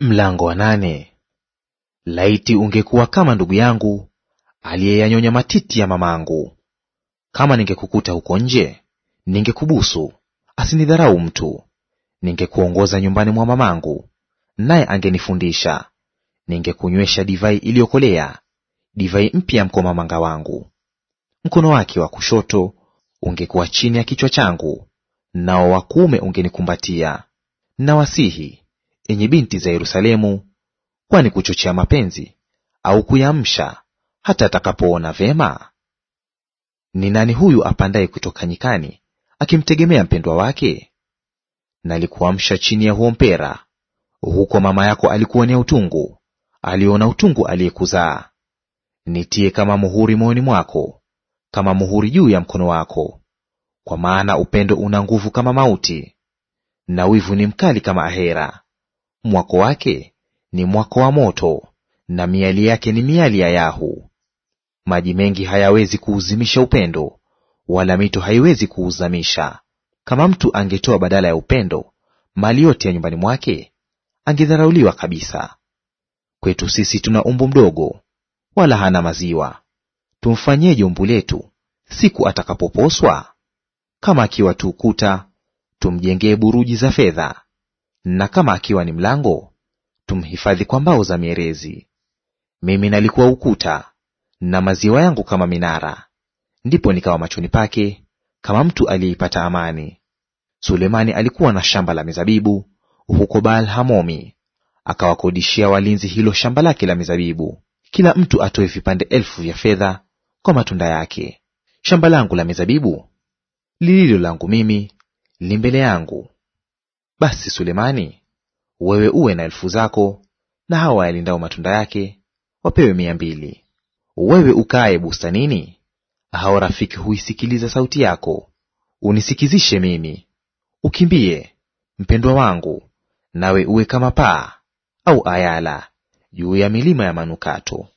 Mlango wa nane. Laiti ungekuwa kama ndugu yangu aliyeyanyonya matiti ya mamangu! Kama ningekukuta huko nje, ningekubusu, asinidharau mtu. Ningekuongoza nyumbani mwa mamangu, naye angenifundisha. Ningekunywesha divai iliyokolea, divai mpya ya mkomamanga wangu. Mkono wake wa kushoto ungekuwa chini ya kichwa changu, nao wa kuume ungenikumbatia. Nawasihi enyi binti za Yerusalemu, kwani kuchochea mapenzi au kuyamsha hata atakapoona vema? Ni nani huyu apandaye kutoka nyikani akimtegemea mpendwa wake? Nalikuamsha chini ya huo mpera, huko mama yako alikuonea utungu, aliona utungu aliyekuzaa. Nitie kama muhuri moyoni mwako, kama muhuri juu ya mkono wako, kwa maana upendo una nguvu kama mauti, na wivu ni mkali kama ahera mwako wake ni mwako wa moto, na miali yake ni miali ya yahu. Maji mengi hayawezi kuuzimisha upendo, wala mito haiwezi kuuzamisha. Kama mtu angetoa badala ya upendo mali yote ya nyumbani mwake, angedharauliwa kabisa. Kwetu sisi tuna umbu mdogo, wala hana maziwa. Tumfanyeje umbu letu siku atakapoposwa? Kama akiwa tu ukuta, tumjengee buruji za fedha na kama akiwa ni mlango, tumhifadhi kwa mbao za mierezi. Mimi nalikuwa ukuta, na maziwa yangu kama minara, ndipo nikawa machoni pake kama mtu aliyeipata amani. Sulemani alikuwa na shamba la mizabibu huko Baal Hamomi, akawakodishia walinzi hilo shamba lake la mizabibu, kila mtu atoe vipande elfu vya fedha kwa matunda yake. Shamba langu la mizabibu lililo langu mimi li mbele yangu, basi Sulemani, wewe uwe na elfu zako, na hawa wayalindao matunda yake wapewe mia mbili. Wewe ukaye bustanini, hao rafiki huisikiliza sauti yako, unisikizishe mimi. Ukimbie mpendwa wangu, nawe uwe kama paa au ayala juu ya milima ya manukato.